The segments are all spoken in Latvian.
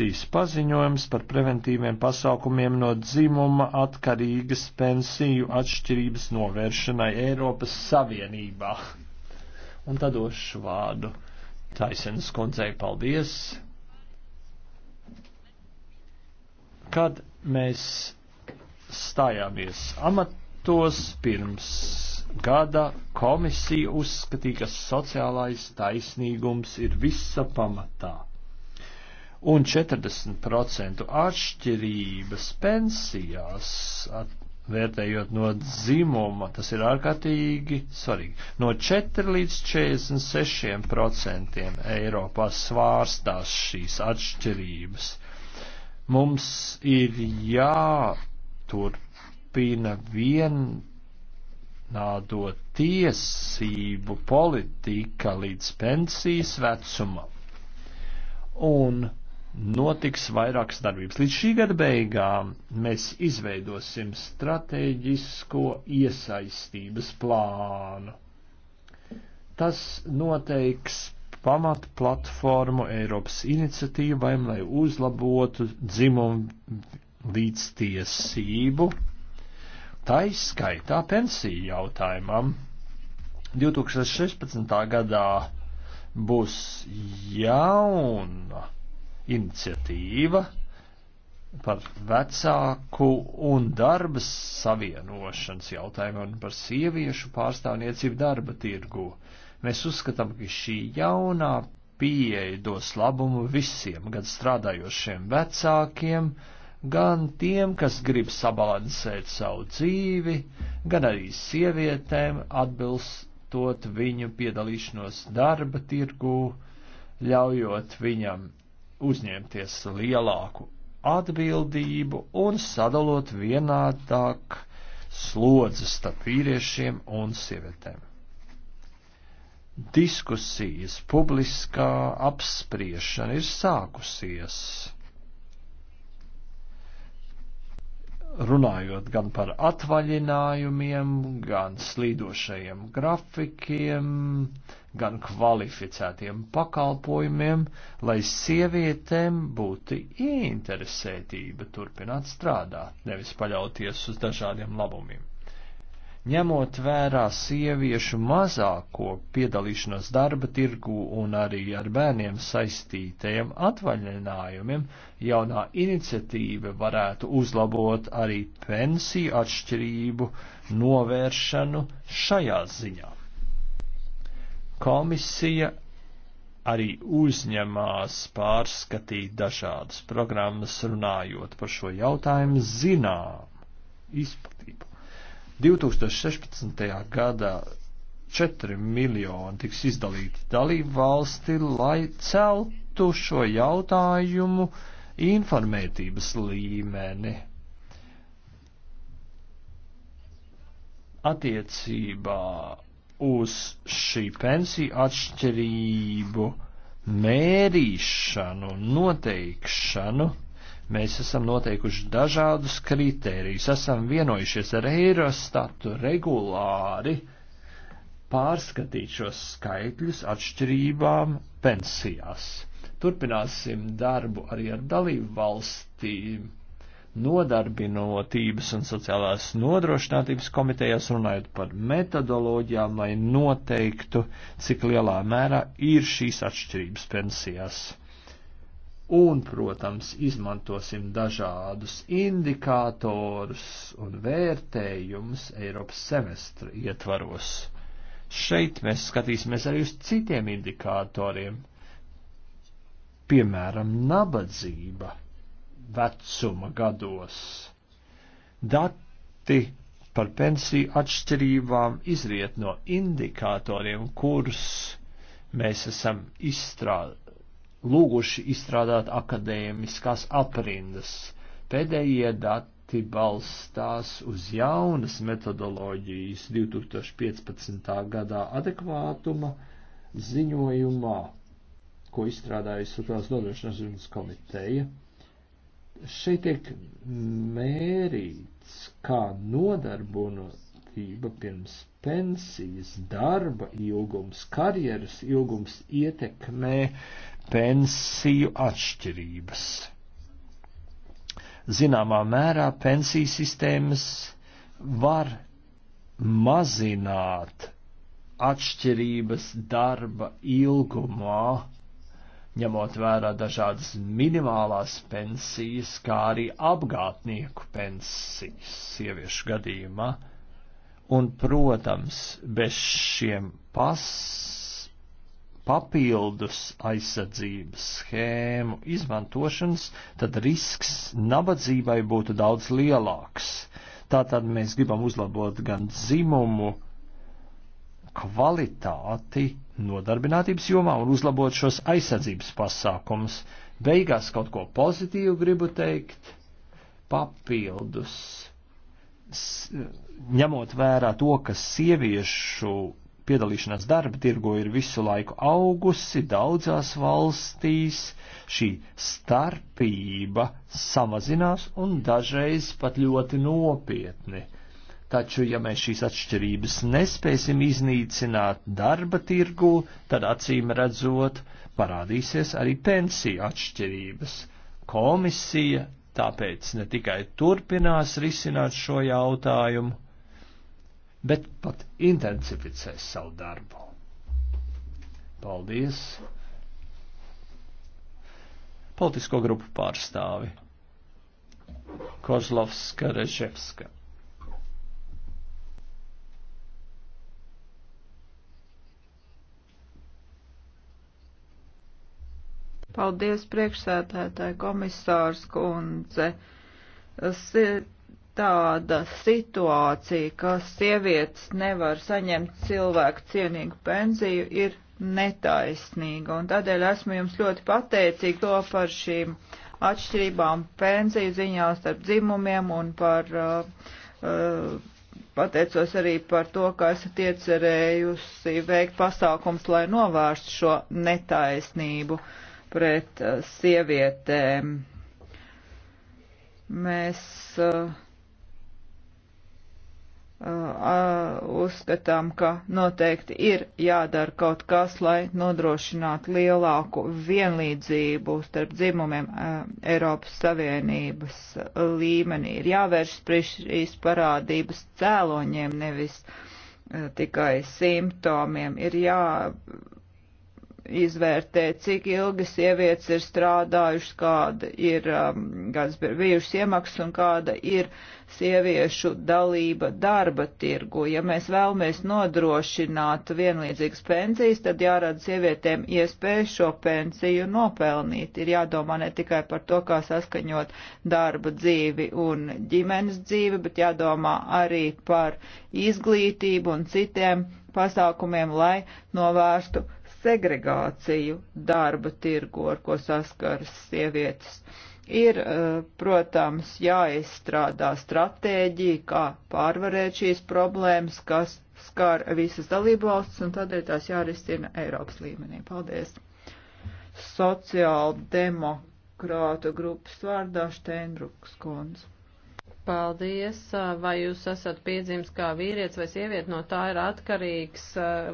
komisijas paziņojums par preventīviem pasākumiem no dzimuma atkarīgas pensiju atšķirības novēršanai Eiropas Savienībā. Un tad došu vārdu Taisenes kundzei paldies. Kad mēs stājāmies amatos pirms gada komisija uzskatīja, ka sociālais taisnīgums ir visa pamatā un 40% atšķirības pensijās, at, vērtējot no dzimuma, tas ir ārkārtīgi svarīgi. No 4 līdz 46% Eiropā svārstās šīs atšķirības. Mums ir jāturpina vienādo tiesību politika līdz pensijas vecumam. Un notiks vairākas darbības. Līdz šī gada beigām mēs izveidosim strateģisko iesaistības plānu. Tas noteiks pamat platformu Eiropas iniciatīvām, lai uzlabotu dzimumu līdztiesību, taiskaitā pensiju jautājumam. 2016. gadā būs jauna iniciatīva par vecāku un darba savienošanas jautājumu un par sieviešu pārstāvniecību darba tirgu. Mēs uzskatām, ka šī jaunā pieeja dos labumu visiem, gan strādājošiem vecākiem, gan tiem, kas grib sabalansēt savu dzīvi, gan arī sievietēm atbilstot viņu piedalīšanos darba tirgū, ļaujot viņam uzņemties lielāku atbildību un sadalot vienādāk slodzes starp vīriešiem un sievietēm. Diskusijas publiskā apspriešana ir sākusies runājot gan par atvaļinājumiem, gan slīdošajiem grafikiem, gan kvalificētiem pakalpojumiem, lai sievietēm būtu ieinteresētība turpināt strādāt, nevis paļauties uz dažādiem labumiem ņemot vērā sieviešu mazāko piedalīšanos darba tirgu un arī ar bērniem saistītajiem atvaļinājumiem, jaunā iniciatīva varētu uzlabot arī pensiju atšķirību novēršanu šajā ziņā. Komisija arī uzņemās pārskatīt dažādas programmas runājot par šo jautājumu zinām izplatību. 2016. gadā 4 miljoni tiks izdalīti dalību valsti, lai celtu šo jautājumu informētības līmeni. Attiecībā uz šī pensiju atšķirību mērīšanu, noteikšanu Mēs esam noteikuši dažādus kritērijus, esam vienojušies ar Eirostatu regulāri pārskatīt šos skaitļus atšķirībām pensijās. Turpināsim darbu arī ar dalību valstīm nodarbinotības un sociālās nodrošinātības komitejās runājot par metodoloģijām, lai noteiktu, cik lielā mērā ir šīs atšķirības pensijās un, protams, izmantosim dažādus indikātorus un vērtējumus Eiropas semestra ietvaros. Šeit mēs skatīsimies arī uz citiem indikātoriem, piemēram, nabadzība vecuma gados. Dati par pensiju atšķirībām izriet no indikatoriem, kurus mēs esam izstrādājuši lūguši izstrādāt akadēmiskās aprindas. Pēdējie dati balstās uz jaunas metodoloģijas 2015. gadā adekvātuma ziņojumā, ko izstrādājusi Sociālās nodrošināšanas komiteja. Šeit tiek mērīts, kā nodarbotība pirms pensijas, darba ilgums, karjeras ilgums ietekmē pensiju atšķirības. Zināmā mērā pensiju sistēmas var mazināt atšķirības darba ilgumā, ņemot vērā dažādas minimālās pensijas, kā arī apgādnieku pensijas sieviešu gadījumā. Un, protams, bez šiem pas, papildus aizsardzības schēmu izmantošanas, tad risks nabadzībai būtu daudz lielāks. Tātad mēs gribam uzlabot gan dzimumu, kvalitāti nodarbinātības jomā un uzlabot šos aizsardzības pasākumus. Beigās kaut ko pozitīvu gribu teikt, papildus ņemot vērā to, ka sieviešu piedalīšanās darba tirgo ir visu laiku augusi daudzās valstīs, šī starpība samazinās un dažreiz pat ļoti nopietni. Taču, ja mēs šīs atšķirības nespēsim iznīcināt darba tirgu, tad acīm redzot parādīsies arī pensija atšķirības. Komisija Tāpēc ne tikai turpinās risināt šo jautājumu, bet pat intensificēs savu darbu. Paldies! Politisko grupu pārstāvi Kozlovska Reževska. Paldies, priekšsēdētāji komisārs kundze. Tāda situācija, ka sievietes nevar saņemt cilvēku cienīgu pensiju, ir netaisnīga, un tādēļ esmu jums ļoti pateicīga to par šīm atšķirībām pensiju ziņā starp dzimumiem un par, uh, uh, pateicos arī par to, ka esat iecerējusi veikt pasākums, lai novērstu šo netaisnību. Uh, pret uh, sievietēm. Mēs uh, uh, uh, uzskatām, ka noteikti ir jādara kaut kas, lai nodrošinātu lielāku vienlīdzību starp dzimumiem uh, Eiropas Savienības uh, līmenī. Ir jāvērš pie šīs parādības cēloņiem, nevis tikai simptomiem. Ir jā izvērtēt, cik ilgi sievietes ir strādājušas, kāda ir, um, kādas ir bijušas iemaksas un kāda ir sieviešu dalība darba tirgu. Ja mēs vēlamies nodrošināt vienlīdzīgas pensijas, tad jārada sievietēm iespēju šo pensiju nopelnīt. Ir jādomā ne tikai par to, kā saskaņot darba dzīvi un ģimenes dzīvi, bet jādomā arī par izglītību un citiem pasākumiem, lai novērstu segregāciju darba tirgu, ar ko saskaras sievietes. Ir, eh, protams, jāizstrādā stratēģija, kā pārvarēt šīs problēmas, kas skar visas dalībvalstis, un tādēļ tās jārisina Eiropas līmenī. Paldies! Sociāldemokrātu grupas vārdā Šteinbruks kundze. Paldies, vai jūs esat piedzimis kā vīrietis vai sieviete, no tā ir atkarīgs,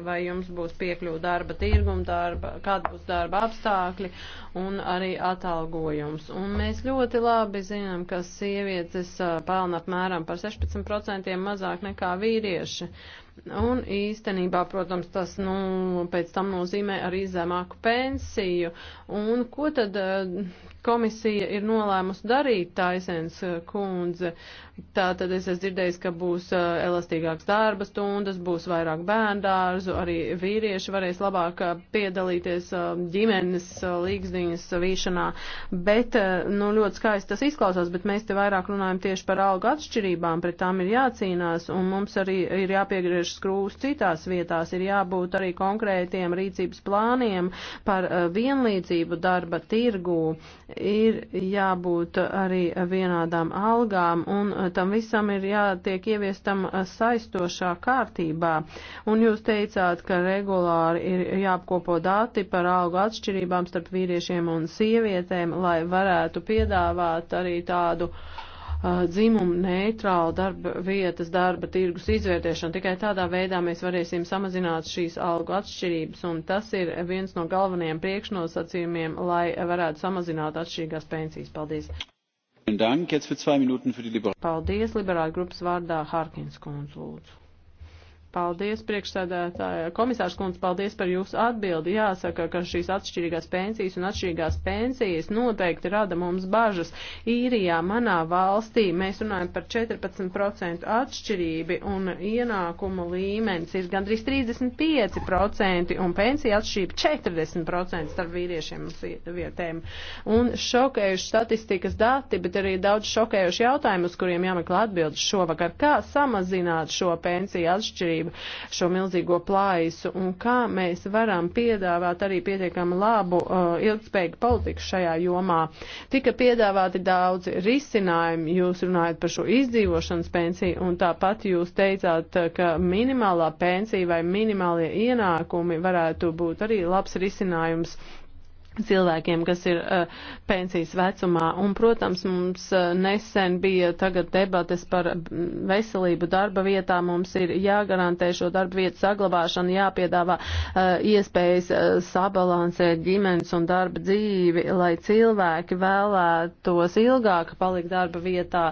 vai jums būs piekļuva darba tirguma, darba, kāda būs darba apstākļi un arī atalgojums. Un mēs ļoti labi zinām, ka sievietes eh, pelna apmēram par 16% mazāk nekā vīrieši. Uh, Un īstenībā, protams, tas nu, pēc tam nozīmē arī zemāku pensiju. Un ko tad eh, komisija ir nolēmusi darīt, Taisens kundze? Uh, Tā tad es esmu dzirdējis, ka būs elastīgāks darba stundas, būs vairāk bērndārzu, arī vīrieši varēs labāk piedalīties ģimenes līgzdiņas vīšanā. Bet, nu, ļoti skaisti tas izklausās, bet mēs te vairāk runājam tieši par algu atšķirībām, pret tām ir jācīnās, un mums arī ir jāpiegriež skrūs citās vietās, ir jābūt arī konkrētiem rīcības plāniem par vienlīdzību darba tirgū, ir jābūt arī vienādām algām un tam visam ir jātiek ieviestam saistošā kārtībā. Un jūs teicāt, ka regulāri ir jāapkopo dati par algu atšķirībām starp vīriešiem un sievietēm, lai varētu piedāvāt arī tādu dzimumu neitrālu darba vietas, darba tirgus izvērtēšanu. Tikai tādā veidā mēs varēsim samazināt šīs algu atšķirības, un tas ir viens no galvenajiem priekšnosacījumiem, lai varētu samazināt atšķirīgās pensijas. Paldies! Paldies, liberāļu grupas vārdā Harkins kundz lūdzu. Paldies, priekšsēdētāja. Komisārs kundze, paldies par jūsu atbildi. Jāsaka, ka šīs atšķirīgās pensijas un atšķirīgās pensijas noteikti rada mums bažas. Īrijā, manā valstī, mēs runājam par 14% atšķirību un ienākumu līmenis ir gandrīz 35% un pensija atšķirība 40% starp vīriešiem un sievietēm. Un šokējuši statistikas dati, bet arī daudz šokējuši jautājumi, uz kuriem jāmeklē atbildes šovakar. Kā samazināt šo pensiju atšķirību? attīstību, šo milzīgo plājisu, un kā mēs varam piedāvāt arī pietiekami labu uh, ilgspējīgu politiku šajā jomā. Tika piedāvāti daudzi risinājumi, jūs runājat par šo izdzīvošanas pensiju, un tāpat jūs teicāt, uh, ka minimālā pensija vai minimālie ienākumi varētu būt arī labs risinājums cilvēkiem, kas ir uh, pensijas vecumā. Un, protams, mums uh, nesen bija tagad debates par veselību darba vietā. Mums ir jāgarantē šo darba vietu saglabāšanu, jāpiedāvā uh, iespējas uh, sabalansēt ģimenes un darba dzīvi, lai cilvēki vēlētos ilgāk palikt darba vietā,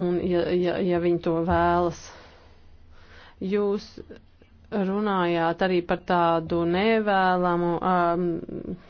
un, ja, ja, ja viņi to vēlas. Jūs runājāt arī par tādu nevēlamu. Um,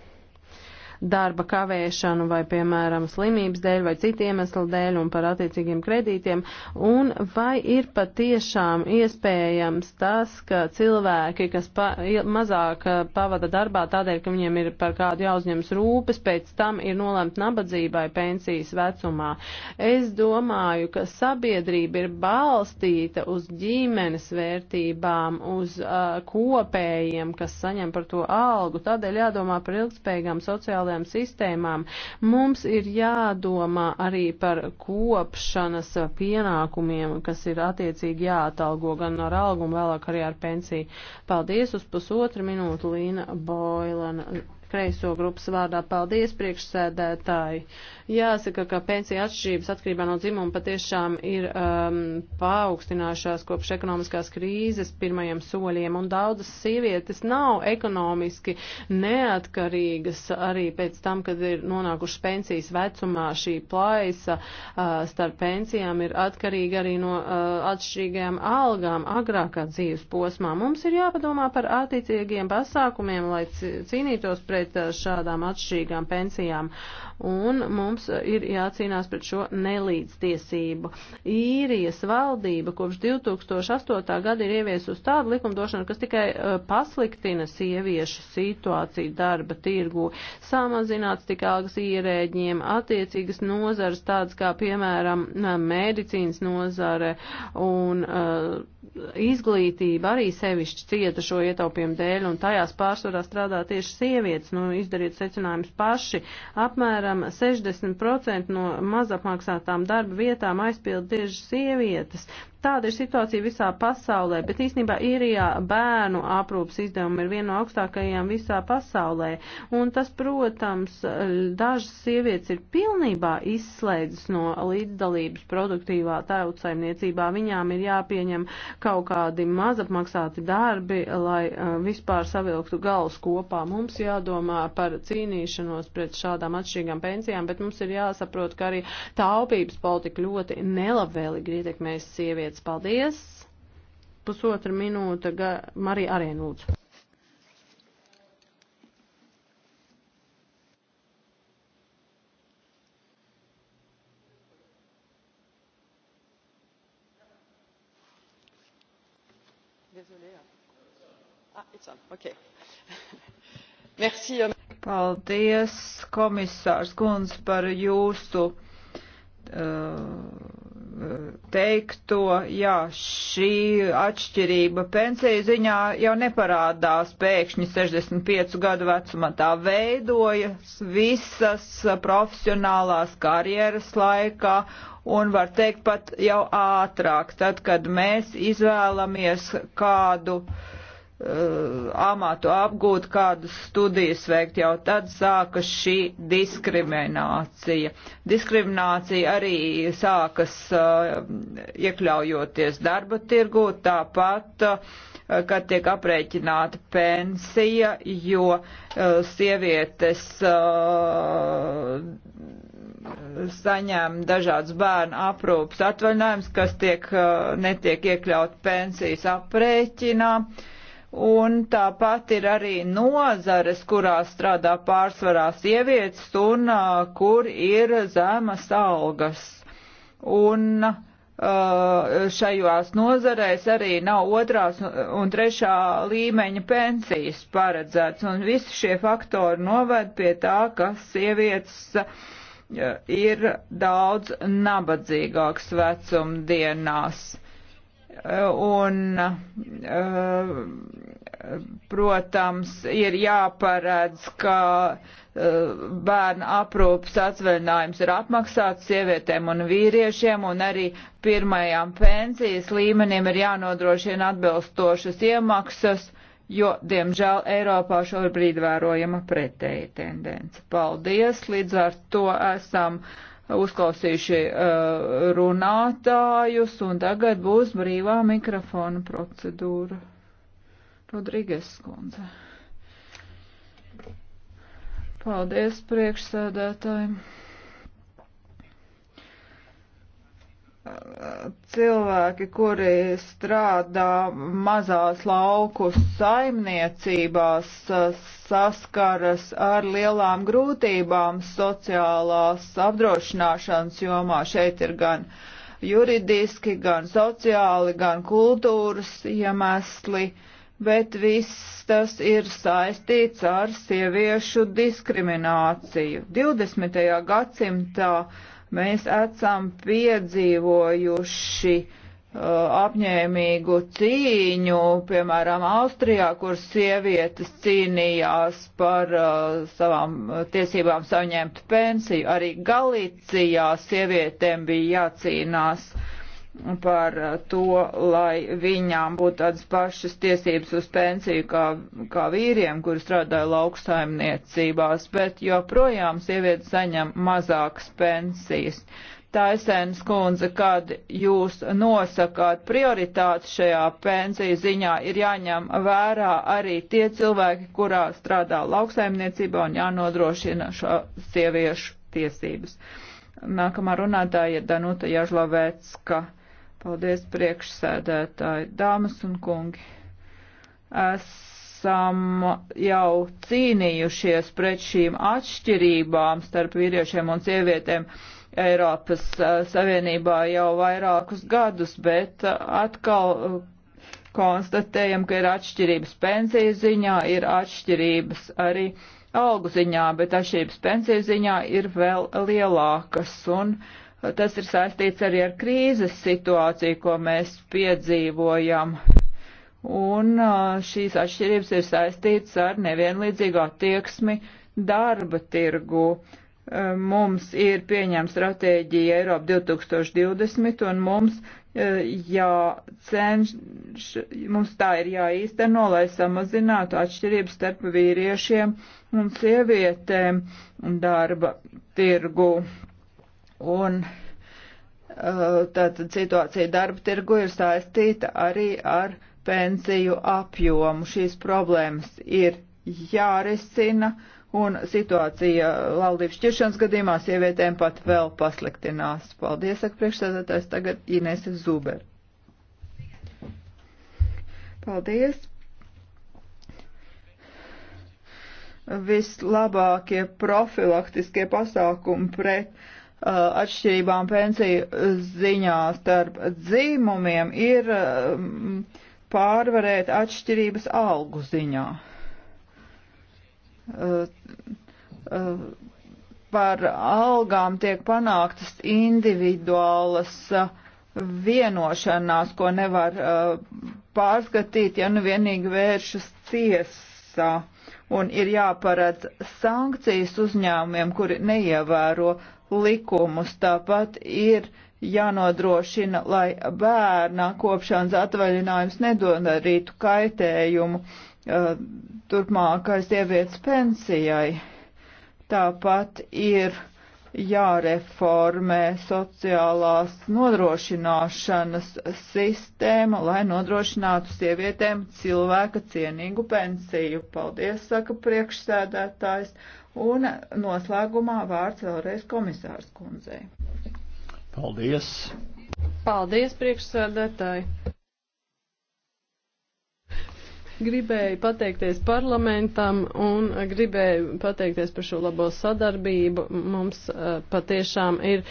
darba kavēšanu vai, piemēram, slimības dēļ vai citu iemeslu dēļ un par attiecīgiem kredītiem, un vai ir patiešām iespējams tas, ka cilvēki, kas pa, mazāk uh, pavada darbā tādēļ, ka viņiem ir par kādu jāuzņems rūpes, pēc tam ir nolemt nabadzībai pensijas vecumā. Es domāju, ka sabiedrība ir balstīta uz ģimenes vērtībām, uz uh, kopējiem, kas saņem par to algu. Tādēļ jādomā par ilgspējīgām sociālajām sociālajām sistēmām. Mums ir jādomā arī par kopšanas pienākumiem, kas ir attiecīgi jāatalgo gan ar algu un vēlāk arī ar pensiju. Paldies uz pusotru minūtu Līna Boilana kreiso grupas vārdā. Paldies, priekšsēdētāji. Jāsaka, ka pensija atšķirības atkarībā no dzimuma patiešām ir um, paaugstinājušās kopš ekonomiskās krīzes pirmajiem soļiem, un daudzas sievietes nav ekonomiski neatkarīgas arī pēc tam, kad ir nonākušas pensijas vecumā. Šī plaisa uh, starp pensijām ir atkarīga arī no uh, atšķirīgajām algām agrākā dzīves posmā. Mums ir jāpadomā par attiecīgiem pasākumiem, lai cīnītos pret pret eh, šādām atšķirīgām pensijām. Un mums eh, ir jācīnās pret šo nelīdztiesību. Īrijas valdība kopš 2008. gada ir ieviesusi tādu likumdošanu, kas tikai eh, pasliktina sieviešu situāciju darba tirgu. Samazināts tik algas ierēģiem, attiecīgas nozares tādas kā, piemēram, medicīnas nozare un uh, izglītība arī sevišķi cieta šo ietaupījumu dēļ, un tajās pārsvarā strādā tieši sievietes, nu, izdariet secinājumus paši. Apmēram 60% no mazapmaksātām darba vietām aizpild tieši sievietes. Tāda ir situācija visā pasaulē, bet īstenībā īrijā bērnu aprūpas izdevumi ir viena no augstākajām visā pasaulē. Un tas, protams, dažas sievietes ir pilnībā izslēdzas no līdzdalības produktīvā tautsājumniecībā. Viņām ir jāpieņem kaut kādi mazapmaksāti darbi, lai uh, vispār savilktu galus kopā. Mums jādomā par cīnīšanos pret šādām atšķirīgām pensijām, bet mums ir jāsaprot, ka arī taupības politika ļoti nelabvēlīgi ietekmēs sievietes jābeidz. Paldies! Pusotra minūte, ga... Marija arī lūdzu. Ah, euh, paldies, komisārs Guns, par jūsu uh, teikto, jā, šī atšķirība pensiju ziņā jau neparādās pēkšņi 65 gadu vecumā. Tā veidojas visas profesionālās karjeras laikā un var teikt pat jau ātrāk, tad, kad mēs izvēlamies kādu uh, amatu apgūt, kādas studijas veikt, jau tad sākas šī diskriminācija. Diskriminācija arī sākas uh, iekļaujoties darba tirgū, tāpat, uh, kad tiek aprēķināta pensija, jo uh, sievietes uh, saņem dažādas bērnu aprūpas atvaļinājums, kas tiek, uh, netiek iekļaut pensijas aprēķinā. Uh, Un tāpat ir arī nozares, kurās strādā pārsvarā sievietes un uh, kur ir zemas algas. Un uh, šajās nozarēs arī nav otrās un trešā līmeņa pensijas paredzēts. Un visi šie faktori noved pie tā, ka sievietes ir daudz nabadzīgāks vecumdienās un, protams, ir jāparedz, ka e, bērnu aprūpas atvaļinājums ir apmaksāts sievietēm un vīriešiem, un arī pirmajām pensijas līmenim ir jānodrošina atbilstošas iemaksas, jo, diemžēl, Eiropā šobrīd vērojama pretēja tendence. Paldies, līdz ar to esam. Uh, uzklausījuši eh, runātājus, un tagad būs brīvā mikrofona procedūra. Rodrīgas skundze. Paldies priekšsēdētājiem. cilvēki, kuri strādā mazās lauku saimniecībās, saskaras ar lielām grūtībām sociālās apdrošināšanas jomā. Šeit ir gan juridiski, gan sociāli, gan kultūras iemesli, bet viss tas ir saistīts ar sieviešu diskrimināciju. 20. gadsimtā mēs esam piedzīvojuši uh, Uh, apņēmīgu cīņu, piemēram, Austrijā, kur sievietes cīnījās par uh, savām uh, tiesībām saņemt pensiju. Arī Galicijā sievietēm bija jācīnās par uh, to, lai viņām būtu tādas pašas tiesības uz pensiju kā, kā vīriem, kuri strādāja lauksaimniecībās, bet joprojām sievietes saņem mazākas pensijas. Uh, Taisēns kundze, kad jūs nosakāt prioritāti šajā pensiju ziņā, ir jāņem vērā arī tie cilvēki, kurā strādā lauksaimniecībā un jānodrošina šo sieviešu tiesības. Nākamā runātāja ir Danuta Jažlavecka. Paldies priekšsēdētāji, dāmas un kungi. Esam jau cīnījušies pret šīm atšķirībām starp vīriešiem un sievietēm Eiropas eh, Savienībā jau vairākus gadus, bet eh, atkal eh, konstatējam, ka ir atšķirības pensiju ziņā, ir atšķirības arī algu ziņā, bet atšķirības pensiju ziņā ir vēl lielākas. Un tas ir saistīts arī ar krīzes situāciju, ko mēs piedzīvojam. Un šīs atšķirības ir saistītas ar nevienlīdzīgu attieksmi darba tirgu. Uh, mums ir pieņemta stratēģija Eiropa 2020 un mums e, jācenš, mums tā ir jāīsteno, lai samazinātu atšķirības starp vīriešiem un sievietēm darba tirgu. Un tātad e, situācija darba tirgu ir saistīta arī ar pensiju apjomu. Šīs problēmas ir jārisina. Uh, un situācija laulības šķiršanas gadījumā sievietēm pat vēl pasliktinās. Paldies, saka priekšsēdētājs, tagad Inese Zuber. Paldies. Vislabākie profilaktiskie pasākumi pret uh, atšķirībām pensiju ziņā starp dzīmumiem ir uh, pārvarēt atšķirības algu ziņā par algām tiek panāktas individuālas uh, vienošanās, ko nevar uh, pārskatīt, ja nu vienīgi vēršas tiesā. Un ir jāparedz sankcijas uzņēmumiem, kuri neievēro likumus. Tāpat ir jānodrošina, lai bērna kopšanas atvaļinājums nedod arī kaitējumu uh, Uh, turpmākai sievietes pensijai. Tāpat ir jāreformē sociālās nodrošināšanas sistēma, lai nodrošinātu sievietēm cilvēka cienīgu pensiju. Paldies, saka priekšsēdētājs. Un noslēgumā vārds vēlreiz komisārs kundzei. Paldies! Paldies, priekšsēdētāji! Gribēju pateikties parlamentam un gribēju pateikties par šo labo sadarbību. Mums uh, patiešām ir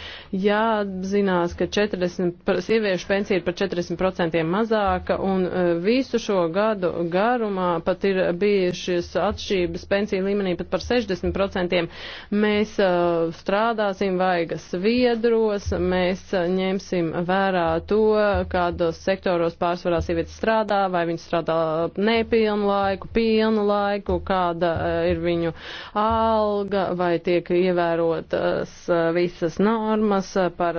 jāapzinās, ka 40, par, sieviešu pensija ir par 40% mazāka un uh, visu šo gadu garumā pat ir bijušas atšķības pensiju līmenī pat par 60%. Mēs uh, strādāsim vaigas viedros, mēs uh, ņemsim vērā to, kādos sektoros pārsvarā sievietes strādā, vai viņas strādā ne nepilnu laiku, pilnu laiku, kāda eh, ir viņu alga, vai tiek ievērotas eh, visas normas eh, par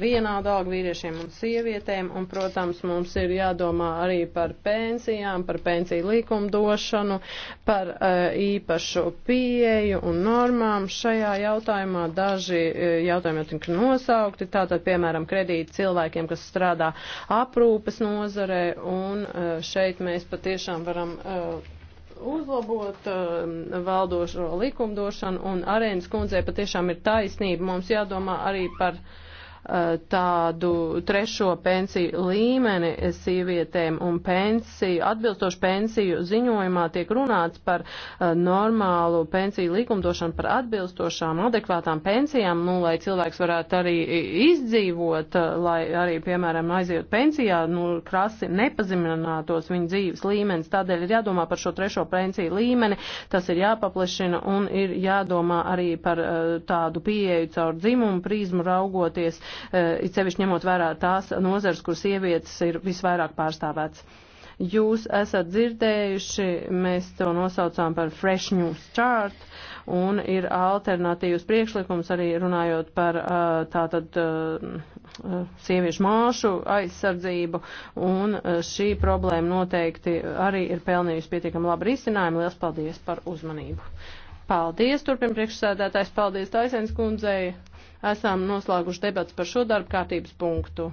vienādu algu vīriešiem un sievietēm, un, protams, mums ir jādomā arī par pensijām, par pensiju likumdošanu, par īpašu pieeju un normām. Šajā jautājumā daži jautājumi jau tik nosaukti, tātad, piemēram, kredīti cilvēkiem, kas strādā aprūpes nozarē, un šeit mēs patiešām tiešām varam uh, uzlabot uh, valdošo likumdošanu un arēnas kundzei patiešām ir taisnība. Mums jādomā arī par uh, tādu trešo pensiju līmeni sievietēm un pensiju, atbilstoši pensiju ziņojumā tiek runāts par eh, normālu pensiju likumdošanu, par atbilstošām, adekvātām pensijām, nu, lai cilvēks varētu arī izdzīvot, eh, lai arī, piemēram, aiziet pensijā, nu, krasi nepazeminātos viņa dzīves līmenis. Tādēļ ir jādomā par šo trešo pensiju līmeni, tas ir jāpaplašina un ir jādomā arī par eh, tādu pieeju caur dzimumu prizmu raugoties Eh, it sevišķi ņemot vērā tās nozars, kur sievietes ir visvairāk pārstāvēts. Jūs esat dzirdējuši, mēs to nosaucām par Fresh New Start, un ir alternatīvas priekšlikums arī runājot par eh, tātad eh, sieviešu māšu aizsardzību, un šī problēma noteikti arī ir pelnījusi pietiekam labu risinājumu. Lielas paldies par uzmanību! Paldies, turpin priekšsēdētājs, paldies Taisens kundzei! esam noslēguši debats par šo darba kārtības punktu.